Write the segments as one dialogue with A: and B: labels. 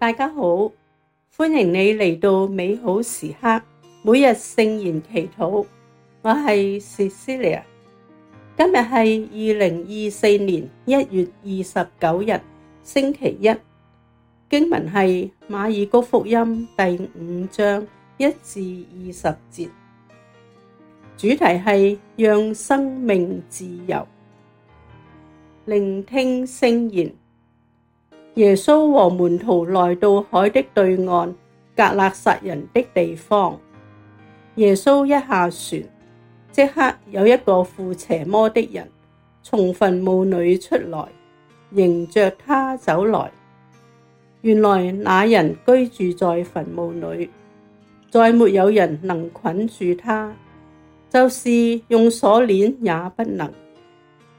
A: 大家好，歡迎你嚟到美好時刻，每日聖言祈禱。我係 Cecilia，今日係二零二四年一月二十九日，星期一。經文係馬爾谷福音第五章一至二十節，主題係讓生命自由。聆聽聖言。耶穌和門徒來到海的對岸，格勒撒人的地方。耶穌一下船，即刻有一個附邪魔的人從墳墓裏出來，迎着他走來。原來那人居住在墳墓裏，再沒有人能捆住他，就是用鎖鏈也不能，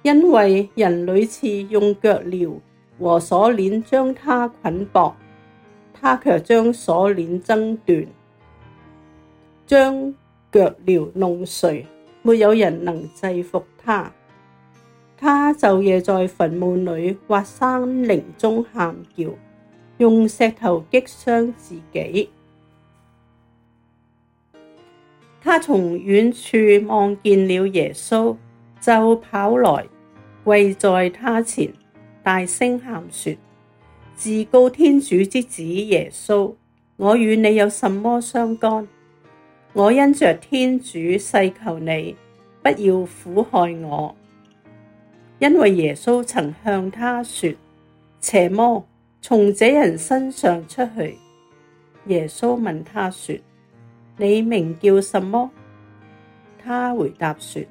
A: 因為人屢次用腳鐐，和鎖鍊將他捆縛，他卻將鎖鍊掙斷，將腳鐐弄碎，沒有人能制伏他。他晝夜在墳墓裏或山陵中喊叫，用石頭擊傷自己。他從遠處望見了耶穌，就跑來跪在他前。大聲喊說：至高天主之子耶穌，我與你有什麼相干？我因着天主誓求你，不要苦害我，因為耶穌曾向他說：邪魔，從這人身上出去！耶穌問他說：你名叫什麼？他回答說：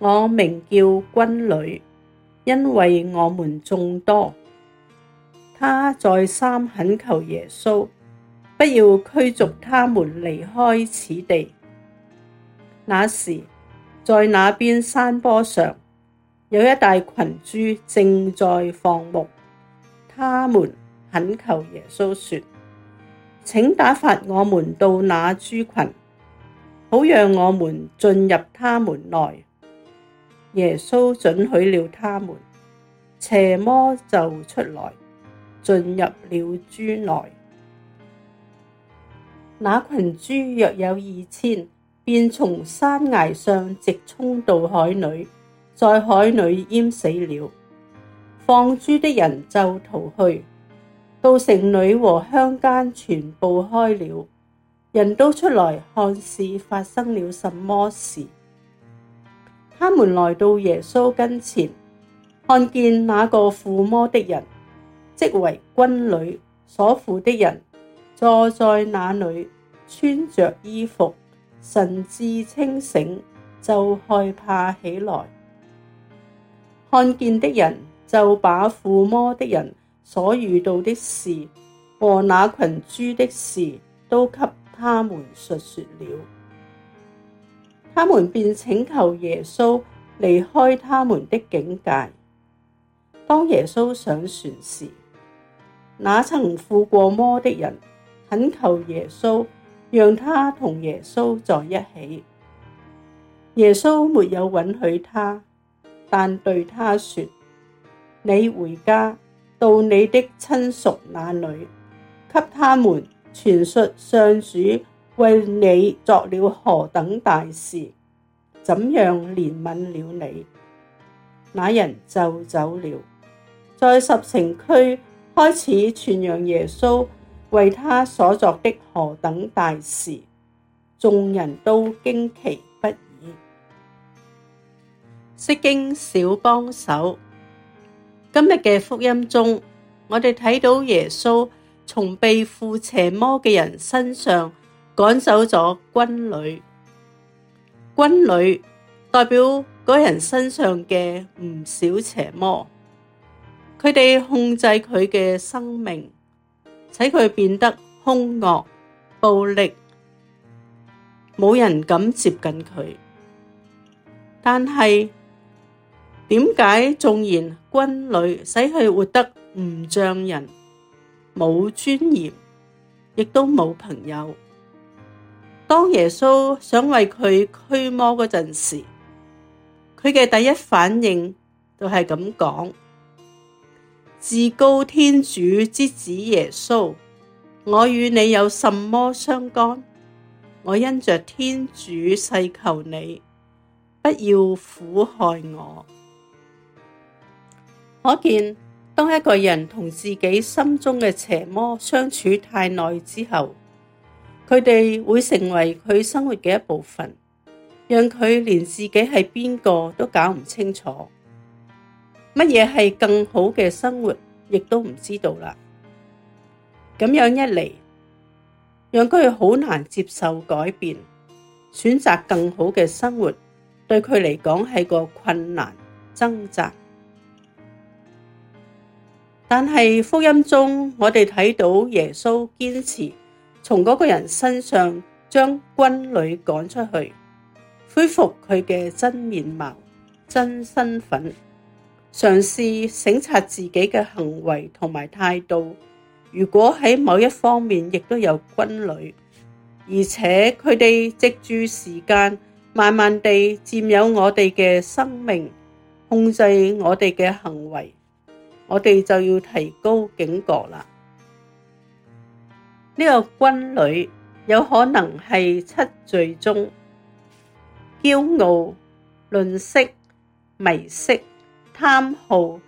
A: 我名叫軍旅。」因為我們眾多，他再三懇求耶穌不要驅逐他們離開此地。那時，在那邊山坡上，有一大群豬正在放牧，他們懇求耶穌說：請打發我們到那豬群，好讓我們進入他們內。耶穌准許了他們，邪魔就出來，進入了豬內。那群豬約有二千，便從山崖上直衝到海裏，在海裏淹死了。放豬的人就逃去，到城裏和鄉間傳報開了，人都出來看是發生了什麼事。他們來到耶穌跟前，看見那個附魔的人，即為軍旅所附的人，坐在那裏，穿着衣服，神志清醒，就害怕起來。看見的人就把附魔的人所遇到的事和那群豬的事都給他們述說了。他們便請求耶穌離開他們的境界。當耶穌上船時，那曾附過魔的人，懇求耶穌讓他同耶穌在一起。耶穌沒有允許他，但對他說：你回家，到你的親屬那裏，給他們傳述上主。為你作了何等大事，怎樣憐憫了你。那人就走了，在十城區開始傳揚耶穌為他所作的何等大事，眾人都驚奇不已。釋經小幫手，今日嘅福音中，我哋睇到耶穌從被附邪魔嘅人身上，趕走咗軍旅，軍旅代表嗰人身上嘅唔少邪魔，佢哋控制佢嘅生命，使佢變得兇惡、暴力，冇人敢接近佢。但係點解？縱然軍旅使佢活得唔像人，冇尊嚴，亦都冇朋友？當耶穌想為佢驅魔嗰陣時，佢嘅第一反應就係咁講：至高天主之子耶穌，我與你有什麼相干？我因着天主誓求你，不要苦害我。可見當一個人同自己心中嘅邪魔相處太耐之後，佢哋會成為佢生活嘅一部分，讓佢連自己係邊個都搞唔清楚，乜嘢係更好嘅生活，亦都唔知道啦。咁樣一嚟，讓佢好難接受改變，選擇更好嘅生活，對佢嚟講係個困難、掙扎。但係福音中，我哋睇到耶穌堅持從嗰個人身上將軍旅趕出去，恢復佢嘅真面貌、真身份，嘗試省察自己嘅行為同埋態度。如果喺某一方面亦都有軍旅，而且佢哋藉住時間，慢慢地佔有我哋嘅生命，控制我哋嘅行為，我哋就要提高警覺啦。呢個軍旅有可能係七罪宗：驕傲、吝嗇、迷色、貪饕、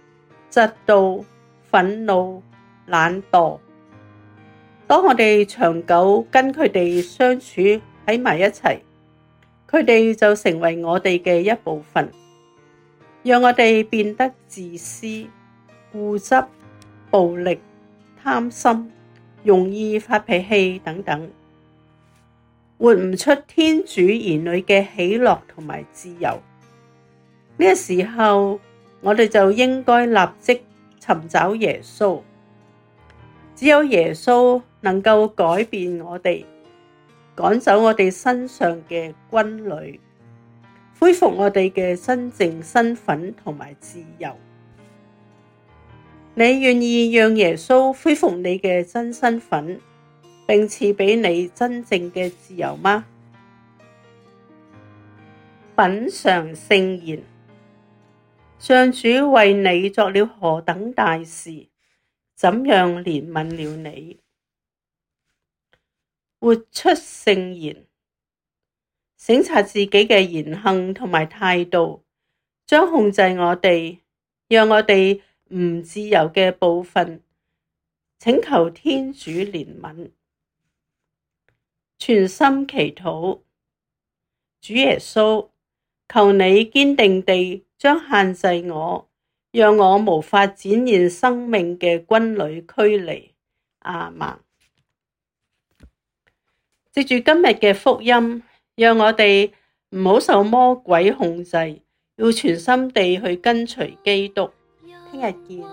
A: 嫉妒、憤怒、懶惰。當我哋長久跟佢哋相處喺埋一齊，佢哋就成為我哋嘅一部分，讓我哋變得自私、固執、暴力、貪心。容易發脾氣等等，活唔出天主兒女嘅喜樂同埋自由。呢個時候，我哋就應該立即尋找耶穌。只有耶穌能夠改變我哋，趕走我哋身上嘅軍旅，恢復我哋嘅真正身份同埋自由。你願意讓耶穌恢復你嘅真身份，並賜畀你真正嘅自由嗎？品嘗聖言，上主為你作了何等大事，怎樣憐憫了你？活出聖言，省察自己嘅言行同埋態度，將控制我哋，讓我哋。唔自由嘅部分。請求天主憐憫。全心祈禱，主耶穌，求你堅定地將限制我，讓我無法展現生命嘅軍旅驅離。阿門。藉住今日嘅福音，讓我哋唔好受魔鬼控制，要全心地去跟隨基督。
B: 我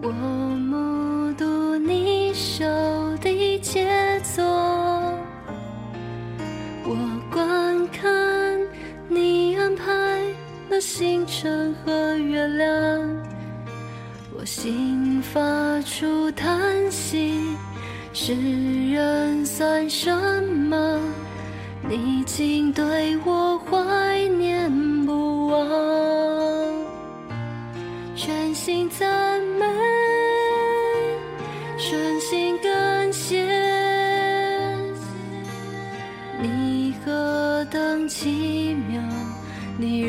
B: 我我目睹你你你手的傑作，我觀看你安排了星辰和月亮，我心發出嘆息，世人算什麼？你竟對我懷。